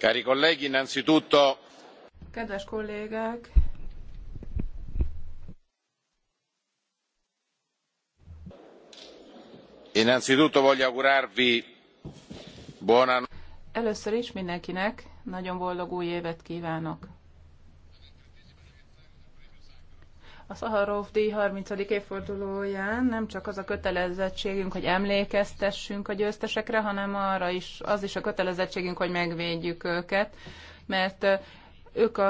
Cari colleghi, innanzitutto... Kedves kollégák! Innanzitutto voglio augurarvi buona... Először is mindenkinek nagyon boldog új évet kívánok! a Szaharov díj 30. évfordulóján nem csak az a kötelezettségünk, hogy emlékeztessünk a győztesekre, hanem arra is, az is a kötelezettségünk, hogy megvédjük őket, mert ők a